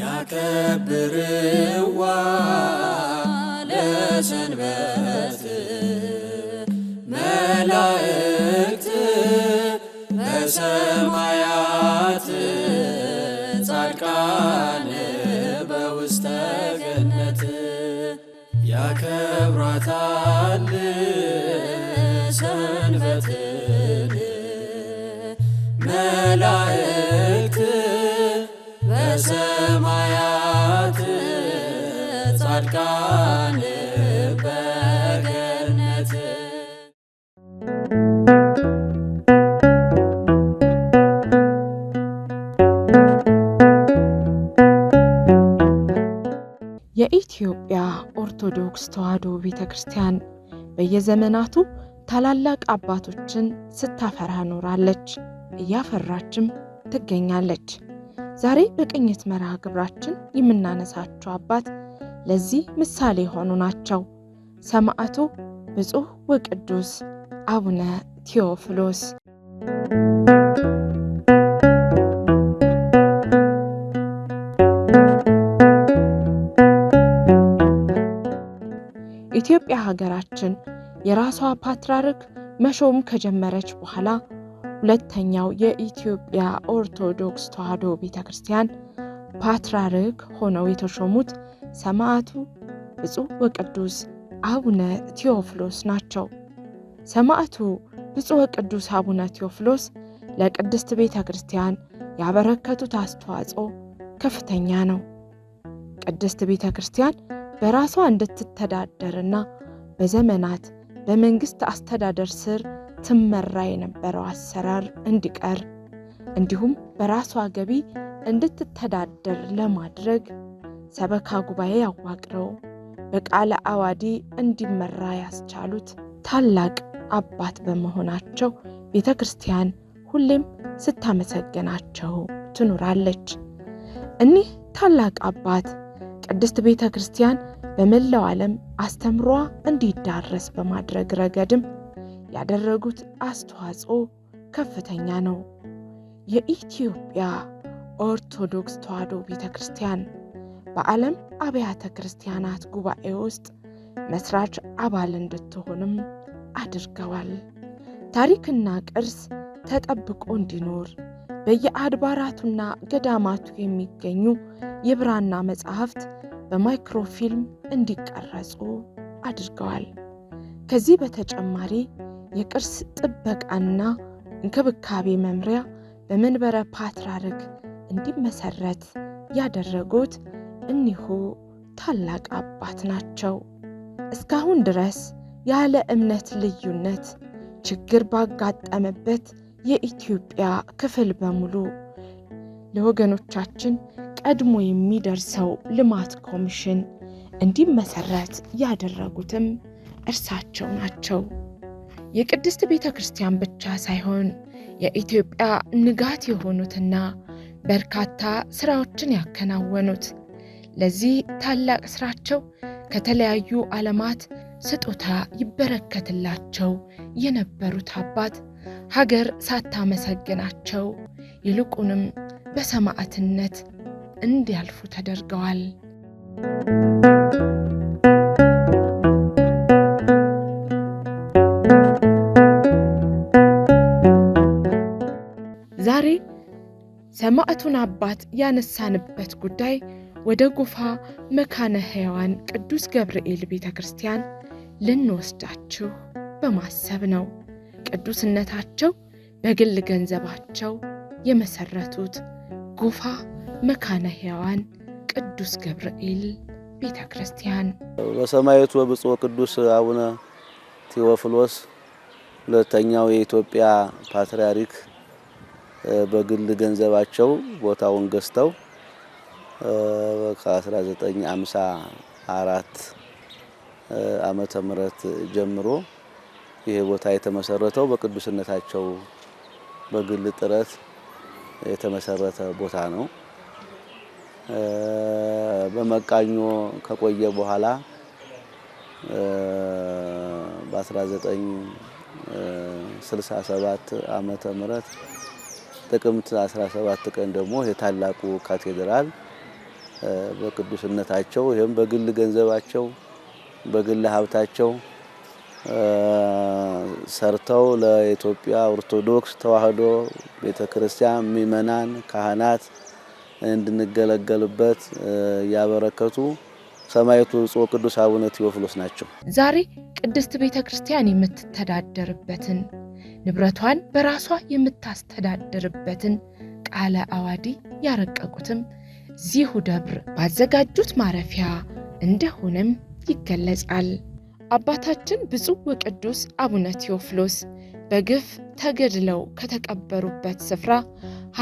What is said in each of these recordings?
ያከብርዋ ለሰንበት መላእክት በሰማያት ጻድቃን በውስተ ገነት ያከብራታል በገነት የኢትዮጵያ ኦርቶዶክስ ተዋሕዶ ቤተ ክርስቲያን በየዘመናቱ ታላላቅ አባቶችን ስታፈራ ኖራለች፣ እያፈራችም ትገኛለች። ዛሬ በቅኝት መርሃ ግብራችን የምናነሳቸው አባት ለዚህ ምሳሌ የሆኑ ናቸው። ሰማዕቱ ብፁዕ ወቅዱስ አቡነ ቴዎፍሎስ። ኢትዮጵያ ሀገራችን የራሷ ፓትርያርክ መሾም ከጀመረች በኋላ ሁለተኛው የኢትዮጵያ ኦርቶዶክስ ተዋሕዶ ቤተ ክርስቲያን ፓትርያርክ ሆነው የተሾሙት ሰማዕቱ ብፁዕ ወቅዱስ አቡነ ቴዎፍሎስ ናቸው። ሰማዕቱ ብፁዕ ወቅዱስ አቡነ ቴዎፍሎስ ለቅድስት ቤተ ክርስቲያን ያበረከቱት አስተዋጽኦ ከፍተኛ ነው። ቅድስት ቤተ ክርስቲያን በራሷ እንድትተዳደርና በዘመናት በመንግሥት አስተዳደር ስር ትመራ የነበረው አሰራር እንዲቀር እንዲሁም በራሷ ገቢ እንድትተዳደር ለማድረግ ሰበካ ጉባኤ ያዋቅረው በቃለ አዋዲ እንዲመራ ያስቻሉት ታላቅ አባት በመሆናቸው ቤተ ክርስቲያን ሁሌም ስታመሰግናቸው ትኖራለች። እኒህ ታላቅ አባት ቅድስት ቤተ ክርስቲያን በመላው ዓለም አስተምሯ እንዲዳረስ በማድረግ ረገድም ያደረጉት አስተዋጽኦ ከፍተኛ ነው። የኢትዮጵያ ኦርቶዶክስ ተዋሕዶ ቤተ ክርስቲያን በዓለም አብያተ ክርስቲያናት ጉባኤ ውስጥ መስራች አባል እንድትሆንም አድርገዋል። ታሪክና ቅርስ ተጠብቆ እንዲኖር በየአድባራቱና ገዳማቱ የሚገኙ የብራና መጻሕፍት በማይክሮፊልም እንዲቀረጹ አድርገዋል። ከዚህ በተጨማሪ የቅርስ ጥበቃና እንክብካቤ መምሪያ በመንበረ ፓትርያርክ እንዲመሰረት ያደረጉት እኒሁ ታላቅ አባት ናቸው። እስካሁን ድረስ ያለ እምነት ልዩነት ችግር ባጋጠመበት የኢትዮጵያ ክፍል በሙሉ ለወገኖቻችን ቀድሞ የሚደርሰው ልማት ኮሚሽን እንዲመሰረት ያደረጉትም እርሳቸው ናቸው። የቅድስት ቤተ ክርስቲያን ብቻ ሳይሆን የኢትዮጵያ ንጋት የሆኑትና በርካታ ስራዎችን ያከናወኑት ለዚህ ታላቅ ስራቸው ከተለያዩ ዓለማት ስጦታ ይበረከትላቸው የነበሩት አባት ሀገር ሳታመሰግናቸው ይልቁንም በሰማዕትነት እንዲያልፉ ተደርገዋል። ዛሬ ሰማዕቱን አባት ያነሳንበት ጉዳይ ወደ ጎፋ መካነ ሕያዋን ቅዱስ ገብርኤል ቤተ ክርስቲያን ልንወስዳችሁ በማሰብ ነው። ቅዱስነታቸው በግል ገንዘባቸው የመሰረቱት ጎፋ መካነ ሕያዋን ቅዱስ ገብርኤል ቤተ ክርስቲያን በሰማየቱ ብፁዕ ቅዱስ አቡነ ቴዎፍሎስ ሁለተኛው የኢትዮጵያ ፓትርያርክ በግል ገንዘባቸው ቦታውን ገዝተው ከ1954 ዓመተ ምህረት ጀምሮ ይሄ ቦታ የተመሰረተው በቅዱስነታቸው በግል ጥረት የተመሰረተ ቦታ ነው። በመቃኞ ከቆየ በኋላ በ1967 ዓመተ ምህረት ጥቅምት 17 ቀን ደግሞ የታላቁ ካቴድራል በቅዱስነታቸው ይህም በግል ገንዘባቸው በግል ሀብታቸው ሰርተው ለኢትዮጵያ ኦርቶዶክስ ተዋህዶ ቤተ ክርስቲያን ምእመናን፣ ካህናት እንድንገለገልበት እያበረከቱ ሰማዕቱ ብፁዕ ቅዱስ አቡነ ቴዎፍሎስ ናቸው። ዛሬ ቅድስት ቤተ ክርስቲያን የምትተዳደርበትን ንብረቷን በራሷ የምታስተዳድርበትን ቃለ አዋዲ ያረቀቁትም ዚሁ ደብር ባዘጋጁት ማረፊያ እንደሆነም ይገለጻል። አባታችን ብፁዕ ወቅዱስ አቡነ ቴዎፍሎስ በግፍ ተገድለው ከተቀበሩበት ስፍራ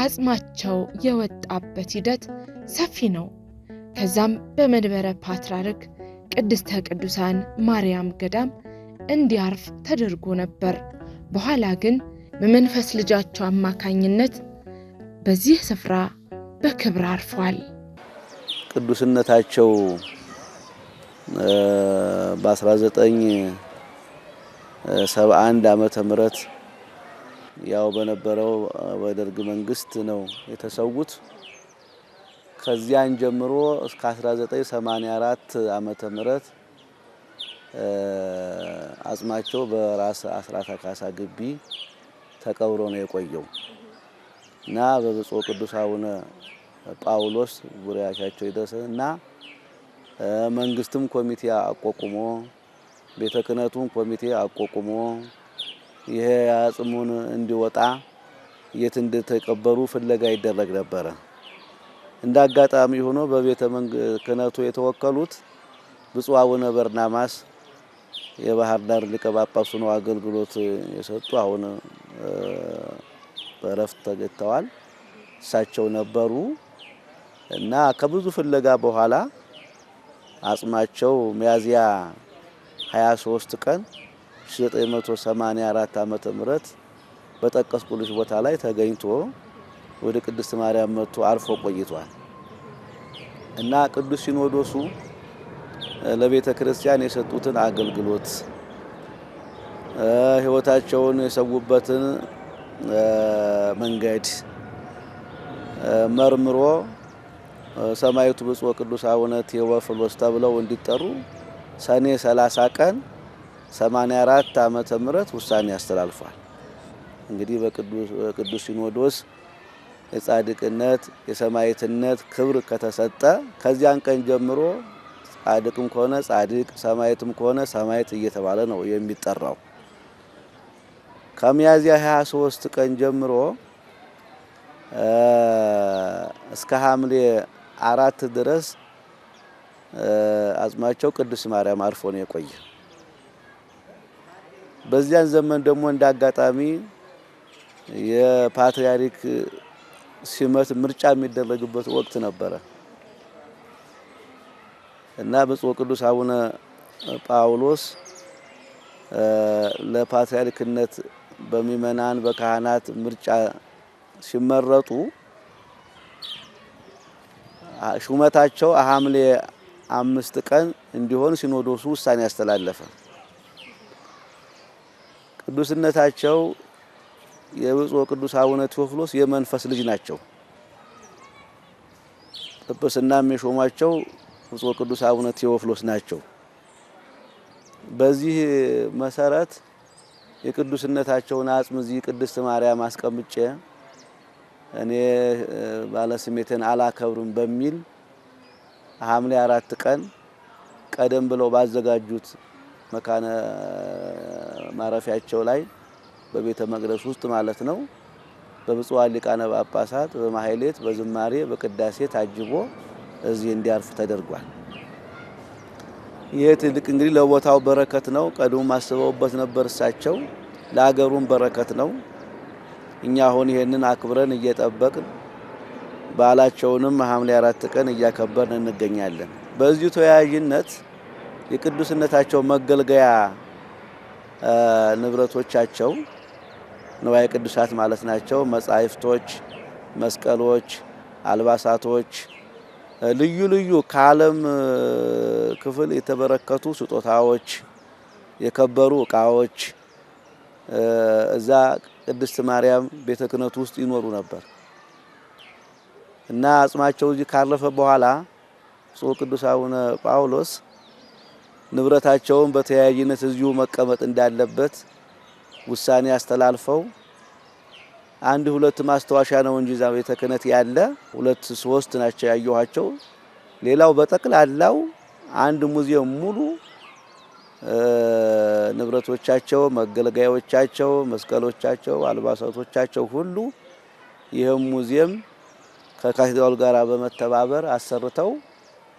አጽማቸው የወጣበት ሂደት ሰፊ ነው። ከዛም በመንበረ ፓትርያርክ ቅድስተ ቅዱሳን ማርያም ገዳም እንዲያርፍ ተደርጎ ነበር። በኋላ ግን በመንፈስ ልጃቸው አማካኝነት በዚህ ስፍራ በክብር አርፏል። ቅዱስነታቸው በ1971 ዓመተ ምህረት ያው በነበረው በደርግ መንግስት ነው የተሰዉት። ከዚያን ጀምሮ እስከ 1984 ዓመተ ምህረት አጽማቸው በራስ አስራት አካሳ ግቢ ተቀብሮ ነው የቆየው እና በብፁዕ ቅዱስ አቡነ ጳውሎስ ጉሪያቻቸው ይደረስ እና መንግስትም ኮሚቴ አቋቁሞ ቤተ ክህነቱም ኮሚቴ አቋቁሞ ይሄ አጽሙን እንዲወጣ የት እንደተቀበሩ ፍለጋ ይደረግ ነበረ። እንደ አጋጣሚ ሆኖ በቤተ ክህነቱ የተወከሉት ብፁዕ አቡነ በርናባስ የባህር ዳር ሊቀ ነው አገልግሎት የሰጡ አሁን በእረፍት ተገኝተዋል። እሳቸው ነበሩ። እና ከብዙ ፍለጋ በኋላ አጽማቸው ሚያዝያ 23 ቀን 1984 ዓመተ በጠቀስ ቁልሽ ቦታ ላይ ተገኝቶ ወደ ቅድስት ማርያም መጥቶ አርፎ ቆይቷል እና ቅዱስ ሲኖዶሱ ለቤተ ክርስቲያን የሰጡትን አገልግሎት ሕይወታቸውን የሰዉበትን መንገድ መርምሮ ሰማይቱ ብፁዕ ቅዱስ አቡነ ቴዎፍሎስ ተብለው እንዲጠሩ ሰኔ 30 ቀን 84 ዓመተ ምህረት ውሳኔ አስተላልፏል። እንግዲህ በቅዱስ ሲኖዶስ የጻድቅነት የሰማዕትነት ክብር ከተሰጠ ከዚያን ቀን ጀምሮ ጻድቅም ከሆነ ጻድቅ ሰማዕትም ከሆነ ሰማዕት እየተባለ ነው የሚጠራው። ከሚያዝያ 23 ቀን ጀምሮ እስከ ሐምሌ አራት ድረስ አጽማቸው ቅዱስ ማርያም አርፎ ነው የቆየ። በዚያን ዘመን ደግሞ እንደ አጋጣሚ የፓትርያርክ ሲመት ምርጫ የሚደረግበት ወቅት ነበረ እና ብፁዕ ቅዱስ አቡነ ጳውሎስ ለፓትርያርክነት በሚመናን በካህናት ምርጫ ሲመረጡ ሹመታቸው ሐምሌ አምስት ቀን እንዲሆን ሲኖዶሱ ውሳኔ ያስተላለፈ። ቅዱስነታቸው የብፁዕ ቅዱስ አቡነ ቴዎፍሎስ የመንፈስ ልጅ ናቸው። ጵጵስናም የሾሟቸው ብፁዕ ቅዱስ አቡነ ቴዎፍሎስ ናቸው። በዚህ መሰረት የቅዱስነታቸውን አጽም እዚህ ቅድስት ማርያም አስቀምጬ እኔ ባለስሜትን አላከብርም በሚል ሐምሌ አራት ቀን ቀደም ብለው ባዘጋጁት መካነ ማረፊያቸው ላይ በቤተ መቅደስ ውስጥ ማለት ነው በብፁዓን ሊቃነ ጳጳሳት በማሕሌት በዝማሬ በቅዳሴ ታጅቦ እዚህ እንዲያርፍ ተደርጓል። ይህ ትልቅ እንግዲህ ለቦታው በረከት ነው። ቀድሞ አስበውበት ነበር እሳቸው። ለአገሩም በረከት ነው። እኛ አሁን ይሄንን አክብረን እየጠበቅን በዓላቸውንም ሐምሌ አራት ቀን እያከበርን እንገኛለን። በዚሁ ተወያይነት የቅዱስነታቸው መገልገያ ንብረቶቻቸው ንዋየ ቅዱሳት ማለት ናቸው። መጻሕፍቶች፣ መስቀሎች፣ አልባሳቶች፣ ልዩ ልዩ ከዓለም ክፍል የተበረከቱ ስጦታዎች፣ የከበሩ ዕቃዎች እዛ ቅድስት ማርያም ቤተ ክህነት ውስጥ ይኖሩ ነበር እና አጽማቸው እዚህ ካረፈ በኋላ ጽሁ ቅዱስ አቡነ ጳውሎስ ንብረታቸውን በተያያዥነት እዚሁ መቀመጥ እንዳለበት ውሳኔ አስተላልፈው አንድ ሁለት ማስታወሻ ነው እንጂ እዛ ቤተ ክህነት ያለ ሁለት ሶስት ናቸው ያየኋቸው። ሌላው በጠቅላላው አንድ ሙዚየም ሙሉ ንብረቶቻቸው፣ መገልገያዎቻቸው፣ መስቀሎቻቸው፣ አልባሳቶቻቸው ሁሉ ይህም ሙዚየም ከካቴድራሉ ጋር በመተባበር አሰርተው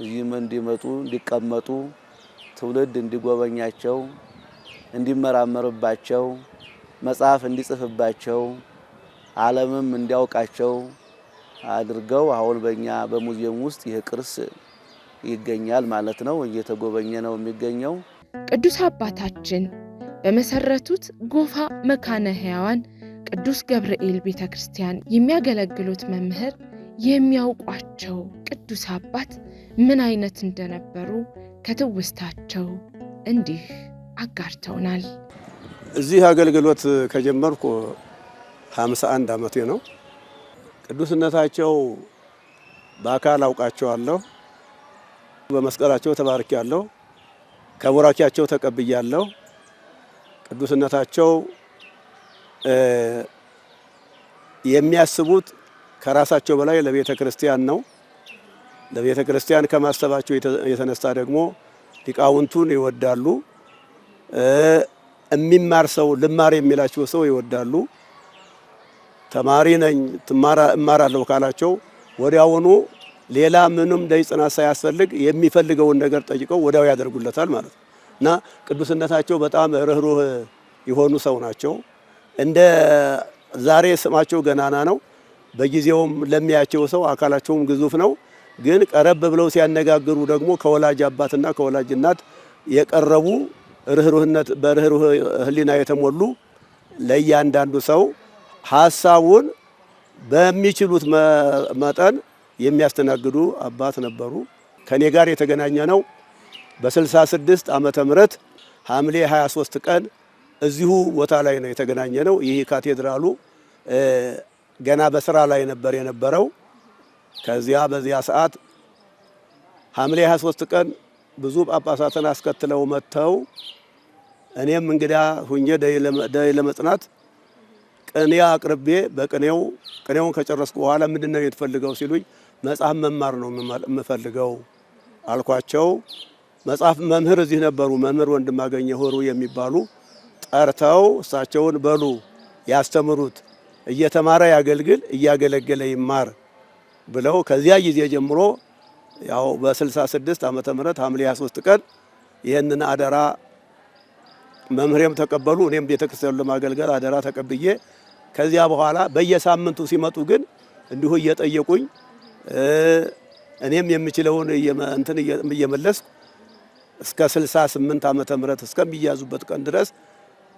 እዚህም እንዲመጡ እንዲቀመጡ ትውልድ እንዲጎበኛቸው እንዲመራመርባቸው መጽሐፍ እንዲጽፍባቸው ዓለምም እንዲያውቃቸው አድርገው አሁን በእኛ በሙዚየም ውስጥ ይህ ቅርስ ይገኛል ማለት ነው። እየተጎበኘ ነው የሚገኘው። ቅዱስ አባታችን በመሰረቱት ጎፋ መካነ ሕያዋን ቅዱስ ገብርኤል ቤተ ክርስቲያን የሚያገለግሉት መምህር የሚያውቋቸው ቅዱስ አባት ምን አይነት እንደነበሩ ከትውስታቸው እንዲህ አጋርተውናል። እዚህ አገልግሎት ከጀመርኩ 51 ዓመቴ ነው። ቅዱስነታቸው በአካል አውቃቸዋለሁ። በመስቀላቸው ተባርኪያለሁ። ከቡራኪያቸው ተቀብያለሁ። ቅዱስነታቸው የሚያስቡት ከራሳቸው በላይ ለቤተ ክርስቲያን ነው። ለቤተ ክርስቲያን ከማሰባቸው የተነሳ ደግሞ ሊቃውንቱን ይወዳሉ። የሚማር ሰው ልማር የሚላቸው ሰው ይወዳሉ። ተማሪ ነኝ እማራለሁ ካላቸው ወዲያውኑ ሌላ ምንም ደይጽና ሳያስፈልግ የሚፈልገውን ነገር ጠይቀው ወዲያው ያደርጉለታል ማለት ነው እና ቅዱስነታቸው በጣም ርኅሩህ የሆኑ ሰው ናቸው። እንደ ዛሬ ስማቸው ገናና ነው። በጊዜውም ለሚያቸው ሰው አካላቸውም ግዙፍ ነው። ግን ቀረብ ብለው ሲያነጋግሩ ደግሞ ከወላጅ አባትና ከወላጅ እናት የቀረቡ ርኅሩህነት በርኅሩህ ሕሊና የተሞሉ ለእያንዳንዱ ሰው ሀሳቡን በሚችሉት መጠን የሚያስተናግዱ አባት ነበሩ። ከኔ ጋር የተገናኘ ነው በ66 ዓመተ ምህረት ሐምሌ 23 ቀን እዚሁ ቦታ ላይ ነው የተገናኘ ነው። ይህ ካቴድራሉ ገና በስራ ላይ ነበር የነበረው። ከዚያ በዚያ ሰዓት ሐምሌ 23 ቀን ብዙ ጳጳሳትን አስከትለው መጥተው እኔም እንግዳ ሁኜ ደይ ለመጽናት ቅኔ አቅርቤ በቅኔው ቅኔውን ከጨረስኩ በኋላ ምንድን ነው ሲሉኝ መጽሐፍ መማር ነው የምፈልገው አልኳቸው። መጽሐፍ መምህር እዚህ ነበሩ፣ መምህር ወንድማገኘ ሆሩ የሚባሉ ጠርተው እሳቸውን በሉ ያስተምሩት፣ እየተማረ ያገልግል፣ እያገለገለ ይማር ብለው ከዚያ ጊዜ ጀምሮ ያው በ66 ዓመተ ምህረት ሐምሌ 23 ቀን ይህንን አደራ መምህሬም ተቀበሉ። እኔም ቤተክርስቲያኑ ለማገልገል አደራ ተቀብዬ ከዚያ በኋላ በየሳምንቱ ሲመጡ ግን እንዲሁ እየጠየቁኝ እኔም የምችለውን እንትን እየመለስኩ እስከ 68 ዓመተ ምህረት እስከሚያዙበት ቀን ድረስ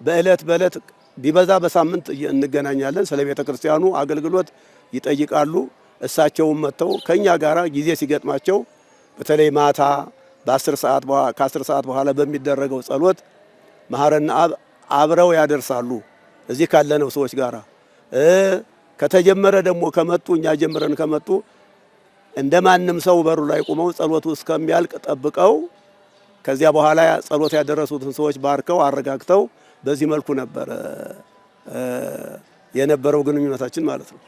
በእለት በእለት ቢበዛ በሳምንት እንገናኛለን። ስለ ቤተ ክርስቲያኑ አገልግሎት ይጠይቃሉ። እሳቸውም መጥተው ከኛ ጋር ጊዜ ሲገጥማቸው በተለይ ማታ በ10 ሰዓት በኋላ ከ10 ሰዓት በኋላ በሚደረገው ጸሎት መሐረነ አብ አብረው ያደርሳሉ። እዚህ ካለነው ሰዎች ጋር ከተጀመረ ደግሞ ከመጡ እኛ ጀምረን ከመጡ እንደ ማንም ሰው በሩ ላይ ቁመው ጸሎቱ እስከሚያልቅ ጠብቀው ከዚያ በኋላ ጸሎት ያደረሱትን ሰዎች ባርከው አረጋግተው በዚህ መልኩ ነበረ የነበረው ግንኙነታችን ማለት ነው።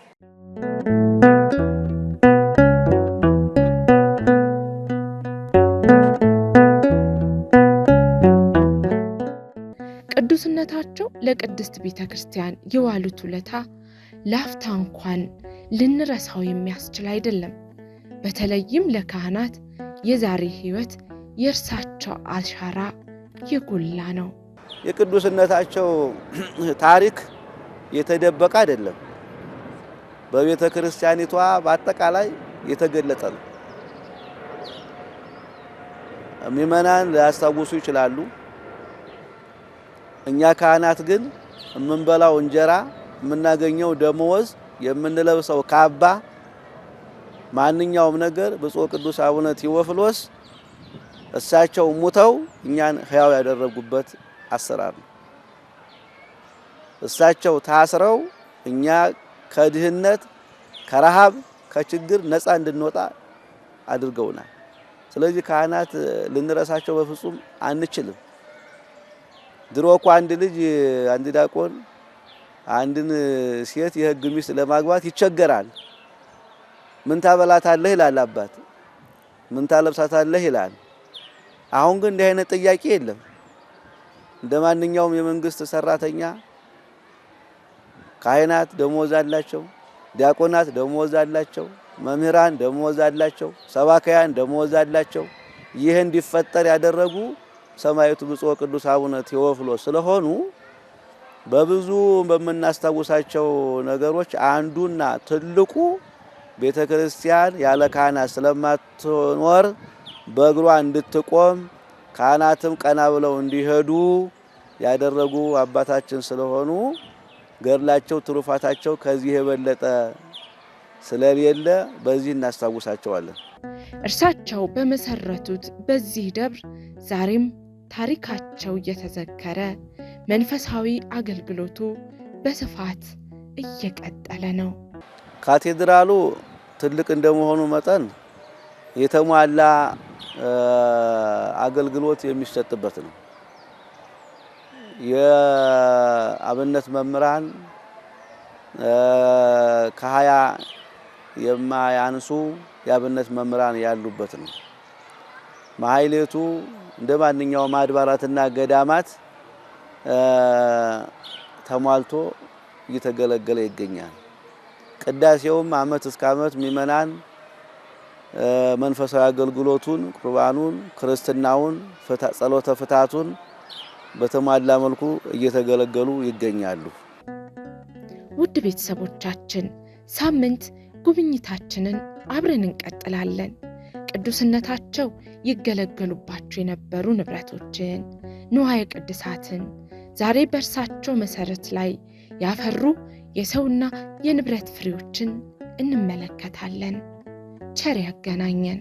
ቅዱስነታቸው ለቅድስት ቤተ ክርስቲያን የዋሉት ውለታ ላፍታ እንኳን ልንረሳው የሚያስችል አይደለም። በተለይም ለካህናት የዛሬ ሕይወት የእርሳቸው አሻራ የጎላ ነው። የቅዱስነታቸው ታሪክ የተደበቀ አይደለም። በቤተ ክርስቲያኒቷ በአጠቃላይ የተገለጠ ነው። ምእመናን ሊያስታውሱ ይችላሉ። እኛ ካህናት ግን የምንበላው እንጀራ፣ የምናገኘው ደመወዝ፣ የምንለብሰው ካባ ማንኛውም ነገር ብፁዕ ቅዱስ አቡነ ቴዎፍሎስ እሳቸው ሙተው እኛን ህያው ያደረጉበት አሰራር ነው። እሳቸው ታስረው እኛ ከድህነት ከረሃብ ከችግር ነፃ እንድንወጣ አድርገውናል። ስለዚህ ካህናት ልንረሳቸው በፍጹም አንችልም። ድሮ እኮ አንድ ልጅ አንድ ዲያቆን አንድን ሴት የህግ ሚስት ለማግባት ይቸገራል። ምን ታበላታለህ ይላል አባት፣ ምን ታለብሳታለህ ይላል። አሁን ግን እንዲህ አይነት ጥያቄ የለም። እንደ ማንኛውም የመንግስት ሰራተኛ ካህናት ደሞዝ አላቸው፣ ዲያቆናት ደሞዝ አላቸው፣ መምህራን ደሞዝ አላቸው፣ ሰባካያን ደሞዝ አላቸው። ይህ እንዲፈጠር ያደረጉ ሰማዕቱ ብፁዕ ቅዱስ አቡነ ቴዎፍሎስ ስለሆኑ በብዙ በምናስታውሳቸው ነገሮች አንዱና ትልቁ ቤተ ክርስቲያን ያለ ካህናት ስለማትኖር በእግሯ እንድትቆም ካህናትም ቀና ብለው እንዲሄዱ ያደረጉ አባታችን ስለሆኑ ገድላቸው ትሩፋታቸው ከዚህ የበለጠ ስለሌለ በዚህ እናስታውሳቸዋለን። እርሳቸው በመሰረቱት በዚህ ደብር ዛሬም ታሪካቸው እየተዘከረ መንፈሳዊ አገልግሎቱ በስፋት እየቀጠለ ነው። ካቴድራሉ ትልቅ እንደመሆኑ መጠን የተሟላ አገልግሎት የሚሰጥበት ነው። የአብነት መምህራን ከሀያ የማያንሱ የአብነት መምህራን ያሉበት ነው። ማህሌቱ እንደ ማንኛውም አድባራትና ገዳማት ተሟልቶ እየተገለገለ ይገኛል። ቅዳሴውም አመት እስከ ዓመት ሚመናን መንፈሳዊ አገልግሎቱን፣ ቁርባኑን፣ ክርስትናውን፣ ጸሎተ ፍታቱን በተሟላ መልኩ እየተገለገሉ ይገኛሉ። ውድ ቤተሰቦቻችን ሳምንት ጉብኝታችንን አብረን እንቀጥላለን። ቅዱስነታቸው ይገለገሉባቸው የነበሩ ንብረቶችን፣ ንዋየ ቅድሳትን ዛሬ በእርሳቸው መሰረት ላይ ያፈሩ የሰውና የንብረት ፍሬዎችን እንመለከታለን። ቸር ያገናኘን።